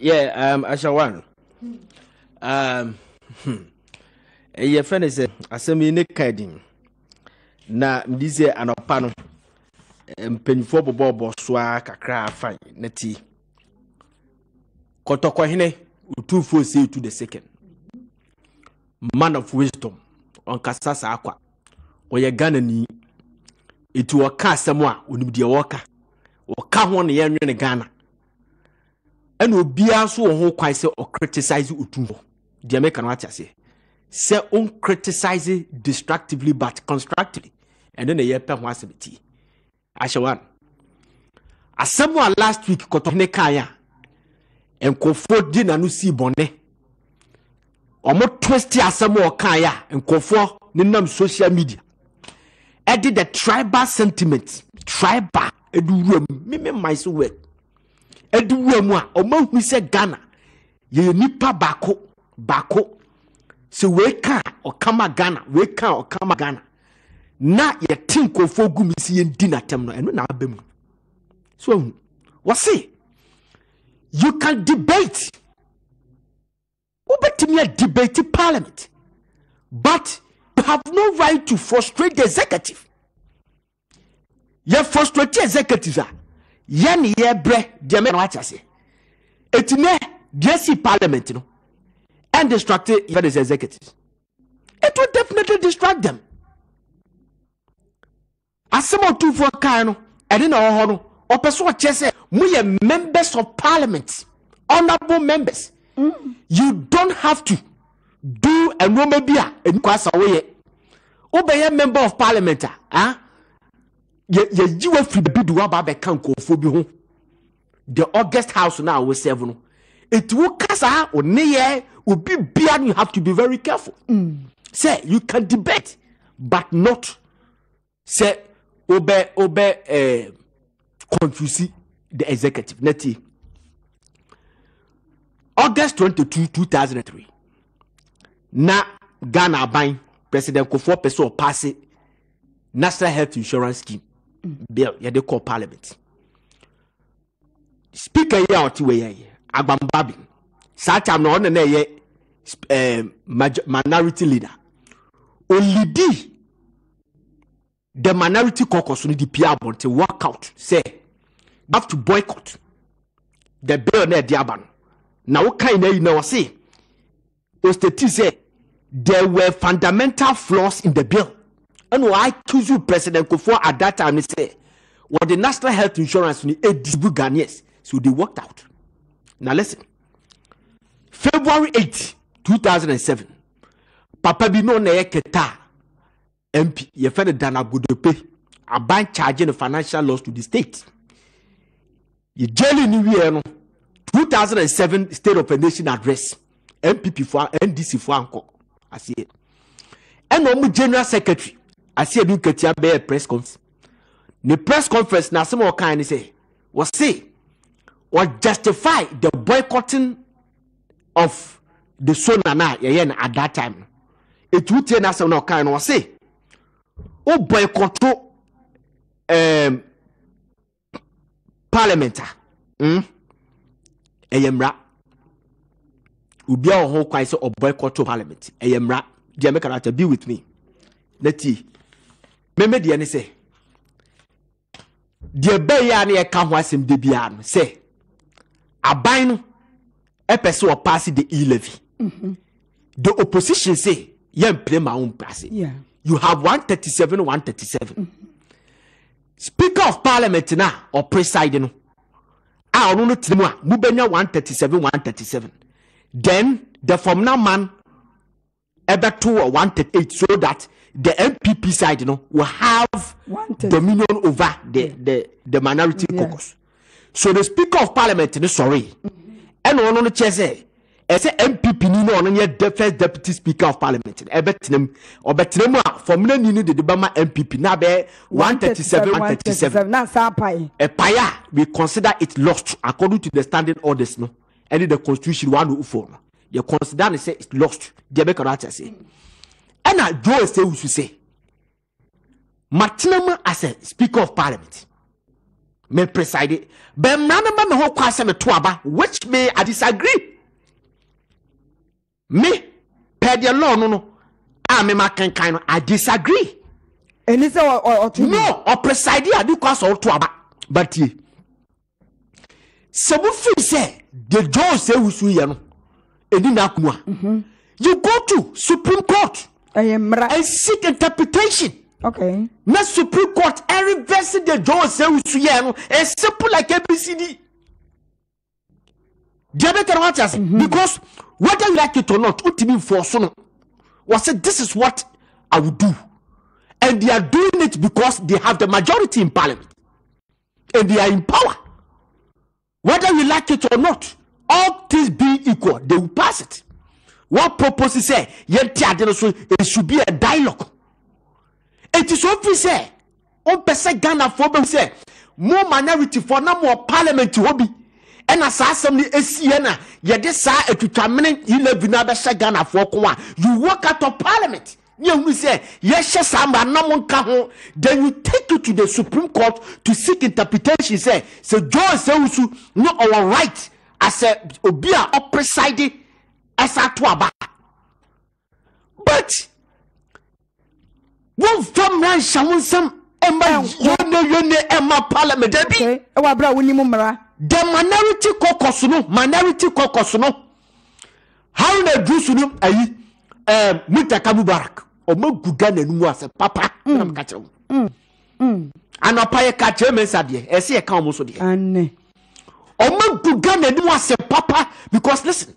Yeah, um, Ashawan. Um, ɛyɛ fɛn de sɛ asɛm yi ne kan din na mdi sɛ anɔpa no mpanyinfoɔ um, bɔbɔbɔ soa kakra afa ne ti kɔtɔkɔhene otufoɔ sɛ etu the second man of wisdom ɔnkasa saa kwa ɔyɛ ghana ni etu ɔka asɛm a onim deɛ ɔka ɔka ho na yɛnwene ghana ɛna obiara nso wɔ ho kwan sɛ ɔcriticise otumfo deɛ meka no ate aseɛ sɛ criticize destructively but constructively ɛno na yɛpɛ ho asɛm ti ahyɛ wan asɛm a last week kɔtɔhene kaeɛ a nkurɔfoɔ di n'ano sii bɔne ɔmo twiste asɛm a ɔkaeɛ a nkurɔfoɔ nenam social media ɛde the tribal sentiment tribal ɛde wuram mimi my so word ɛde wura mu a ɔma hu sɛ ghana yɛyɛ nipa baako baako sɛ wɔeka a ɔkama ghana wɔeka a ɔkama ghana na yɛte nkurɔfoɔ gu mu si yɛndi n'atɛm no ɛno na aba mu so ahu wɔse you can debate wobɛtumi a debate parliament but you have no right to frustrate the executive yɛ frustrate executives a yɛ ne yɛ brɛ deɛ na wate aseɛ eti nɛ deɛ si parliament no ɛn distract yɛ de executive it will definitely distract them asɛm a otumfoɔ kan no ɛne na ɔwɔ hɔ no ɔpɛ so ɔkyerɛ sɛ moyɛ members of parliament honourable members mm. you don't have to do ɛnneɛma bi a ɛnu kɔ asa woyɛ wobɛyɛ member of parliament a. Huh? Ah, yɛyi wa firi baabi de waba abɛka nkurɔfoɔ bi ho the august house na a wɔsɛv no eti wo kasa o ne yɛ obi bia you have to be very careful mm. say you can debate but not say obɛ obɛ ɛɛ eh, confuse the executive na tie august twenty two two thousand and three na ghana aban president kofor pɛ sɛ ɔpaase national health insurance scheme bill yɛde kɔ parliament speaker yi a ɔte wɔ yɛ agbamba saa time na na eh, minority leader olidi the minority caucus no di to abɔnten out. sɛ have to boycott the bill na ɛde aba no na wokan na yi na ɔse sɛ there were fundamental flaws in the bill ɛna wɔaccuse you president kofoɔ at that time sɛ wɔde national health insurance ni edibu ghanaians so they worked out na listen february eight two thousand and seven papa bi náà na yɛ kẹta mp yɛfɛ no dan agodope aban charge no financial loss to the state yɛ jeli ni wiɛ no two thousand and seven state of the nation address npp fo ndc fo ankɔ aseɛ ɛna wɔn general secretary aseɛ bi nketewa bɛyɛ press conference ne press conference na asɛm a ɔkan ne sɛ wɔse justify the boycotting of the sona na yɛyɛ no at that time no etu tie na asɛm na ɔkan no wɔse o boycotto um, parliament a ah? mm? ɛyɛ eh, mmara obiara wɔ ho kwan sɛ ɔboycotto parliament ɛyɛ eh, mmara deɛ mɛka no ata be with me na mɛmɛ deɛ ne sɛ deɛ bɛyɛ a ne yɛka ho asɛm de biara no sɛ aban no ɛpɛ sɛ ɔpaase the e-levy mhm. the opposition say yɛmpire ma wo mprase you have 137 137 mhm. speaker of parliament na ɔpreside no a ɔno no tene mu a mubɛnya 137 137 then the former man ɛbɛto wɔ 138 so that the npp side you know, will have Wanted. dominion over the, yeah. the, the minority yeah. caucus. So the Speaker of Parliament is sorry. Mm-hmm. And one on the chair say, as a MPP, you know, on the first deputy Speaker of Parliament, I e bet him, or bet him, for me, you know, the Debama MPP, now be 137, 137. Now, a paya, we consider it lost according to the standing orders, no, and the constitution 104. You consider it lost. They make a say. Mm-hmm ɛna joe sewusu sɛ matena mu asɛ speaker of parliament me preside bɛmmara no bɛma ho kɔ asɛ meto aba which may i disagree me pɛ deɛ law no no a mema kenkan no i disagree ɛni sɛ ɔtumi no ɔpreside a de kɔ asɛ ɔto aba batie sɛ wofiri sɛ de joe sewusu yɛ no ɛni n'akono a you go to supreme court ɛyɛ mmara. and seek interpretation. okay. na supreme court every verse de john sewu su yɛ no A simple like abcd. diabe kɛra wa ti ase. Mm-hmm. because whether you like it or not o will so no was say this is what i will do and they are doing it because they have the majority in parliament and they are in power whether you like it or not all things being equal they will pass it. wọ́n propose sɛ yɛnti ade no so esu bi yɛ dialogue eti so fi sɛ o bɛ sɛ ghana fo bɛ sɛ mo minority fo na mo parliament hɔ bi ɛna saa asɛm ni esi yɛ na yɛde saa etutwamene eleven na bɛhyɛ ghana fo ko a you work out of parliament ní ehun sɛ yɛhyɛ saa mba anam nka ho then you take it to the supreme court to seek interpretation sɛ sɛ john sewusu ne ɔwɔ right asɛ obi a ɔpreside ɛsa to aba but womfa mmara nhyɛ wo nsɛm ɛma yoneyone ɛma parliament dabi ɛwɔ abera wonim mmara the minority caucus no minority caucus no haruna drusu no ayi ɛɛ eh, mutaka mubarak ɔmo gu ghana nimu asɛ papa mm. ɛnam ka kyerɛ wo mm. mm. anapa yɛ ka kyerɛ mɛnsa deɛ ɛsɛ yɛ ka ɔmo so deɛ ɔmo gu ghana nimu asɛ papa because listen.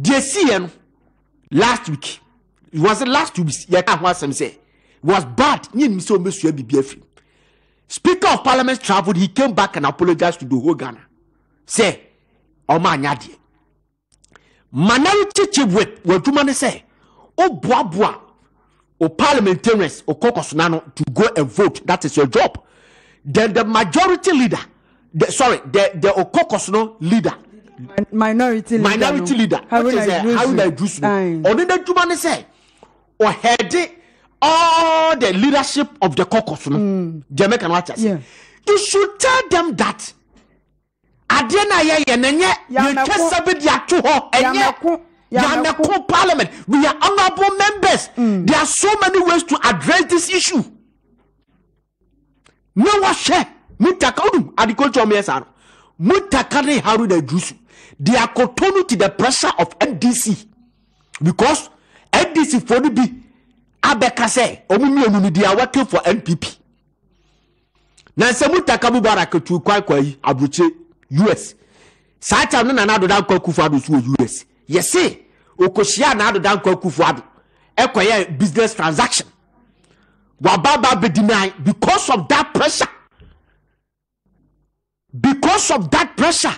They see, last week it was the last two weeks yɛka say was bad nye nim sɛ ɔmɛsua speaker of parliament travelled he came back and apologized to the whole ghana Say, sɛ ɔmo anya deɛ do you wadwuma ne sɛ ɔboaboa o parliamentarians o caucus nano to go and vote that is your job then the majority leader the sorry the the o caucus no leader minority leader minority leader which is haruna idrusu ọdún dẹ juma ni sẹ ọhẹdẹ all the leadership of the caucus no hmm. jẹmẹka na wàtí you should tell them that adeɛ na yɛ yɛ n'ɛnyɛ yɛtwa sɛbi de ato hɔ ɛnyɛ yamɛko parliament we are honourable members mm. there are so many ways to address this issue ne wɔhwɛ mu taka odum agriculture ɔmo no mutakane haruna adusu they are cotonu to the pressure of ndc because ndc fo no bi abɛka sɛ mi mmienu no they are working for npp na sɛ mutaka mubarak tu kwan kwan yi aburukye us saa tam no na n'adoda nkɔ akufo ado so wɔ us yɛse okosia n'adoda nkɔ akufo ado ɛkɔyɛ business transaction wababa abedi nan because of that pressure because of that pressure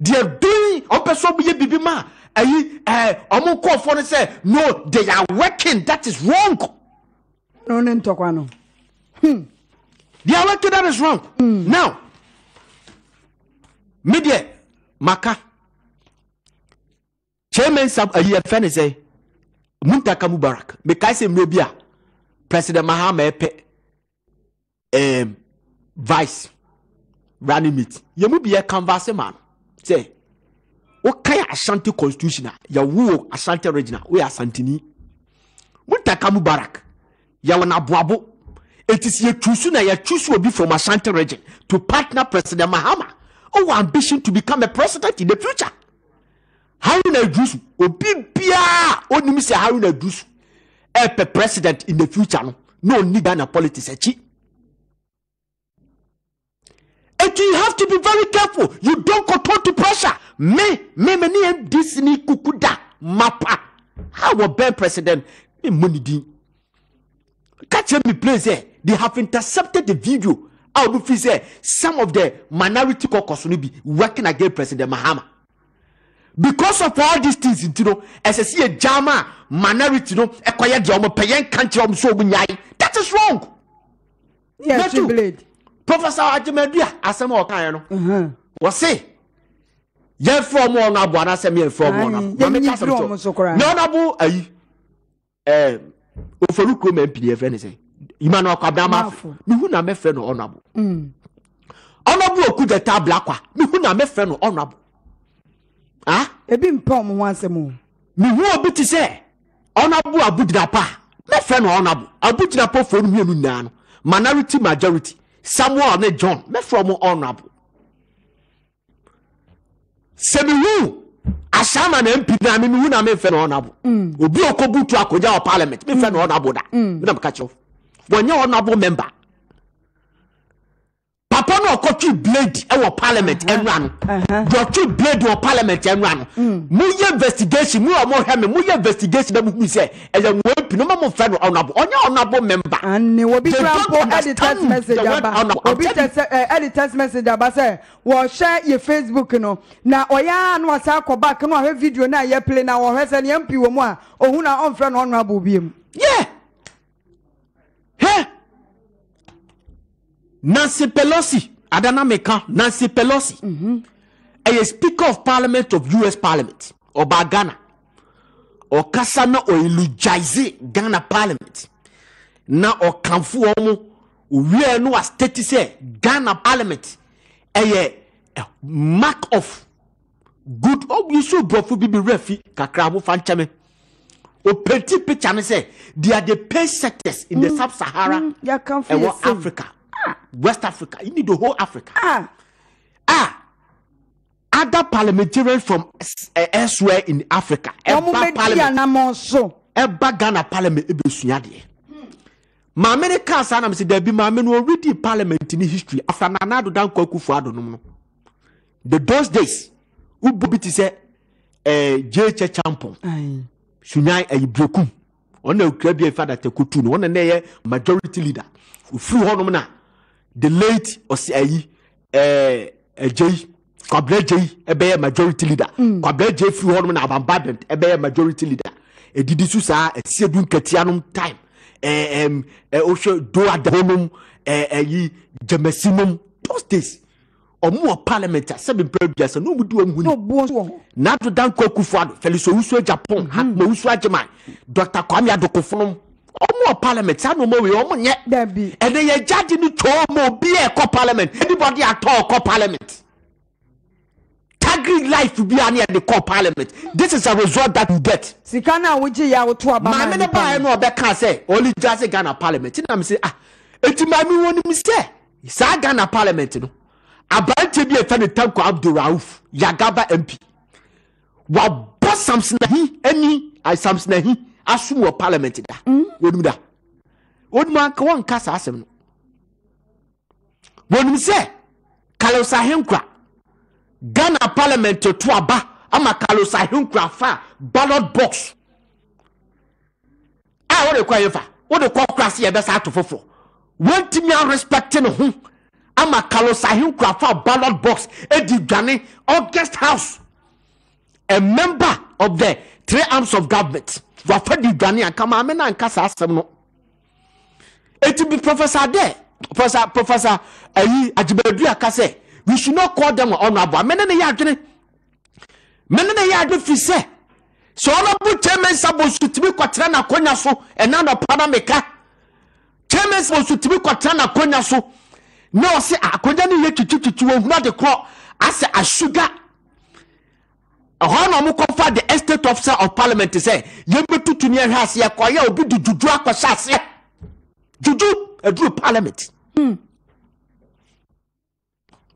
they are doing ɔmpɛ sɛ ɔmo yɛ bibi ma ayi ɛɛ ɔmo nkɔɔfoɔ no sɛ no they are working that is wrong. no ne ntɔkwa no. Hmm. they are working that is wrong. Mm. now media, maka chairman sab eh, ayi ɛfɛ ne sɛ muntaka mubarak mekae sɛ mmerɛ bi a president mahama ɛpɛ um, vice ranimit yɛmu bi yɛ canvase man sɛ wokae ashanti constitution a yɛwoo ashanti regional woyɛ asantini mutaka mubarak It is naboabo choice. Now, your choice will be from ashanti region to partner president mahama ɔwɔ ambition to become a president in the future How haruna edusu obi biara onim sɛ haruna edusu A president in the future no na no, politician. etu you have to be very careful you don't control to pressure me me me ne yɛn di kuku da mapa how wɔ bɛn president me mo ne din kakyɛ mi place ɛ eh. they have intercepted the video a obi fi sɛ some of the minority caucus no be working against president mahama because of all these things you know, ɛsɛ si yɛ gyama a minority no ɛkɔyɛ deɛ ɔmo pɛ yɛn kankyerɛ ɔmo so ɔmo nyaa that is wrong. yɛ yeah, two blade. professor agyemadu a asɛm a no wɔse yɛmfrɛ ɔno aboa no asɛm yɛmfrɛ ɔnabo ayi kuro ma mpini yɛfrɛ ne sɛ mehu na mɛfrɛ no ɔnabo mm. ɔnabo kwa mehu na mɛfrɛ no ɔnabo ebi ɔmo ho asɛm o obi te sɛ ɔnabo abudinapa mɛfrɛ no ɔnabo mmienu nyinaa no minority samuel ne john mɛfrɛ mo honorable sɛ mehu ahyɛ ma na mpi na memehu na memfɛ no honorable mm. obi a ɔkɔbutu akɔgya wɔ parliament memfɛ no mm. honorable da mm. menam ka kyerɛ wɔnyɛ honorable member wɔn mm. a ɔkɔtwi blade wɔ parliament nwura no deɛ ɔtwi blade wɔ parliament nwura no muyɛ investigation mu a ɔmo hɛ mi muyɛ investigation na mu hu sɛ ɛyɛ wɔn pin ɔmo mo fɛ no ɔnabo ɔnyɛ ɔnabo member. ani obi tura po ɛdi text message aba obi ɛdi text message aba sɛ wɔhyɛ yɛ facebook no na ɔyɛ anu asa akɔ back no ɔhɛ video na yɛ play na ɔhɛ sɛ ne mp wɔ mu a ohun na ɔnfrɛ no ɔnabo bi mu. yeah. Nancy Pelosi adana meka. Nancy Pelosi ɛyɛ mm -hmm. speaker of parliament of US parliament ɔbaa Ghana kasana na ɔyɛlugyaise Ghana parliament na ɔkanfo wɔn owia no as sɛ Ghana parliament ɛyɛ mark of good ɔwɔ oh, so borɔfo bi bi wura fi kakra abofa nkyɛn openti picture ne sɛ they are the pay sectors in the mm. sub-Sahara ɛwɔ mm. Mm-hmm. Africa. West Africa. You need the whole Africa. Ah. ah. Other parliamentarians from uh, elsewhere in Africa. Eba parliament. Eba Ghana parliament. Ebe sunyade. Hmm. Maame ne kaa saa na mesi dabi maame no already parliament in history after Nana dan Dankwa Akufo Addo nom no. The those days, ubo bi ti sɛ ɛɛ eh, J.H. Champon. Sunyan ɛyi eh, Brekum. Ɔna okura bi efa datakotu no ɔna na majority leader. Ofiri hɔ nom na. the late ɔsi ayi ɛɛ ɛgye yi kwabena gye e, yi majority leader mm. kwabena gye e firi hɔ nom na abamba bent ɛbɛyɛ majority leader edidi so saa esie du nketea nom time ɛɛ ɛm ɛ do adamu nom ɛɛ eh, ɛyi gyemesi nom those days ɔmo wɔ parliament a sɛbi mpere biasa na ɔmo di wɔn huni n'ado danko akufo ado felix owusu japan mm. hakuma owusu agyemai dr kwame adokofonom parliament saa nneɛma wei wɔn nyɛ dabi ɛnna yɛ jaaji no twɛ wɔn obi yɛ e kɔ parliament anybody atɔ kɔ parliament Tagging life bi a ne yɛde kɔ parliament this is a result that you get. sika náà wọ́n yà wọ́n tó àbámá nípa maame ne báyìí náà ọbẹ̀ kan sẹ́ olú jase ghana parliament ẹ̀ nàá mi sẹ́ ah etu maame wọn ni mi sẹ́ saa ghana parliament no aberanteɛ bi a yɛfɛ ne tanko abdulrauf yagaba mp wabɔ samson ahi ani samson ahi asum wɔ parliament da wɔnum mm. da. Mm wɔnum anka wɔnka saa asɛm no wɔnum sɛ carlos ahenkura ghana parliament to aba ama carlos ahenkura fa ballot box a wɔde kɔ ayɛfa wɔde kɔ kora se yɛbɛsa ato foforɔ wɔntumi arespɛte ne ho ama carlos ahenkura fa ballot box edi dwane august house a member of the three arms of government wafa di dwane anka maame na anka saa asɛm no eti bi professor ade professor professor ayi ajibadu aka sɛ we should not call them honourable amene ne yɛ adwene mene ne yɛ adwene fi sɛ sɛ honourable chairman sabosu tumi kɔtena n'akonnwa so ɛna nɔpa na meka chairman sabosu tumi kɔtena n'akonnwa so na ɔsɛ akonnwa no yɛ twitwitwitwi wɔn huna de korɔ asɛ asuga ɛhɔ na ɔmokɔfa the estate officer of parliament sɛ yɛbɛtutu ne ɛhwɛ aseɛ kɔyɛ obi de dudu akɔhyɛ aseɛ juju aduru parliament hmm.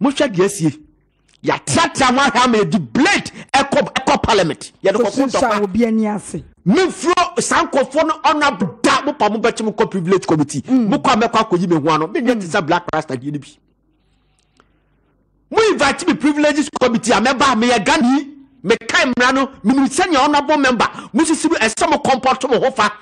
mohwɛ deɛ asie yàtìyàtìyà wọn ahẹ́ àmì ẹ̀dì blade ẹ̀kọ́ ẹ̀kọ́ parliament yẹn kọ́ fún dọ́kpa mefuro sankofo no ɔnab da mopa mobɛkye mokɔ privilege committee mokɔ a mɛkɔ akɔyi me ho ano menyɛ te sɛ black rasta deɛ no bi mo invite me privileges committee a mɛba a meyɛ ghani mekae mmara no menim sɛnea ɔnabɔ member mosisi ɛsɛ e mo kɔmpɔto mo ho fa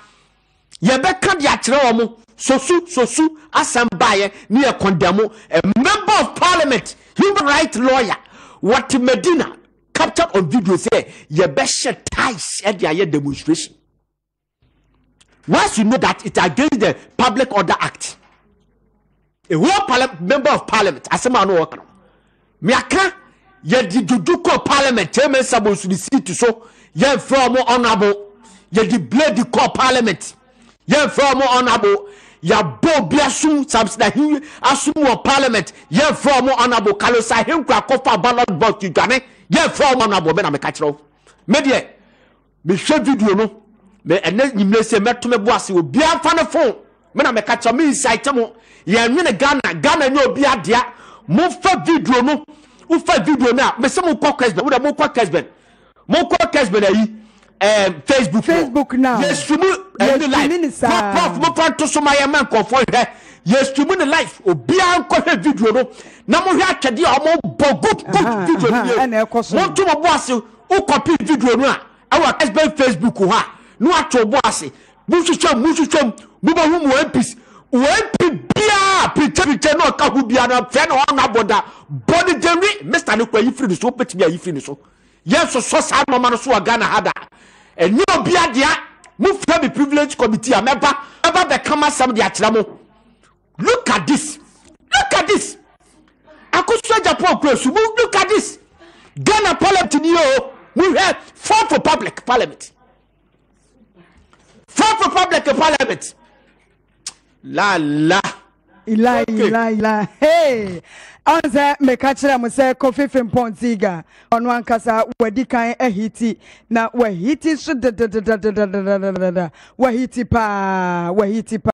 yɛbɛka de akyerɛ wɔ mo sosu sosu asɛm baeɛ ne yɛ kɔndɛmo a member of parliament human rights lawyer wɔte medina captured on video sɛ yɛbɛhyɛ ties ɛde ayɛ demonstration once you know that it against the public order act a whole member of parliament asɛm a no wɔka no meaka yɛde dudu kɔ parliament chairman sabonsu ne seat so yɛmfrɛ ɔmo honorable yɛde blade kɔ parliament yɛmfrɛ ɔmo honorable yabɔ obi asum samsinahi asum wɔ parliament yɛfrɛ ɔmo honourable kalosa henkura kofa ballot box tidwane yɛfrɛ ɔmo honourable bɛ na meka kyerɛw medeɛ mehwɛ video no me ɛnɛ nyimire sɛ mɛtome bo ase obiara fa ne fon me na meka kyerɛw meinsaite mo yɛnwene ghana ghana nyɛ obi adea mofa video no wofa video no a mesɛ mokɔ kesben wodɛ mokɔ kesben mokɔ kesben ayi um, facebook facebook now yesumu ɛnu live mo prof mo fa to so ma yɛ mɛ nkɔfo hwɛ yesumu ni live obiara nkɔhwɛ video no na mo hwɛ atwɛdeɛ a wɔn bɔ good good video no yɛ wɔn to mo bo ase o copy video no a ɛwɔ ɛsbɛn facebook hɔ a no ato o bo ase mo hwehwɛm mo hwehwɛm mo bɛ hu mo mps wɔn biara pirikyɛpirikyɛ na ɔka ho biara fɛn na ɔna bɔ da bɔnidɛnri mr ne kɔ ayi firi ne so o pɛtɛ bi ayi firi ne Yes, so nɔɔma no so wɔ ghana ha da ɛnyɛ dia adea mofrɛ me privilege committee a mɛba mɛba bɛka ma asɛm de akyerɛ mo look at this look at this akosua japan kura su mo look at this ghana parliament ni We have fought for public parliament Fought for public parliament La la. Ilai ilai ilai, hey anza meka kyerɛ mo sɛ kofi fimpɔntiga ɔno ankasa wadi kan ahiti na wahiti da da wahiti pa wahiti pa.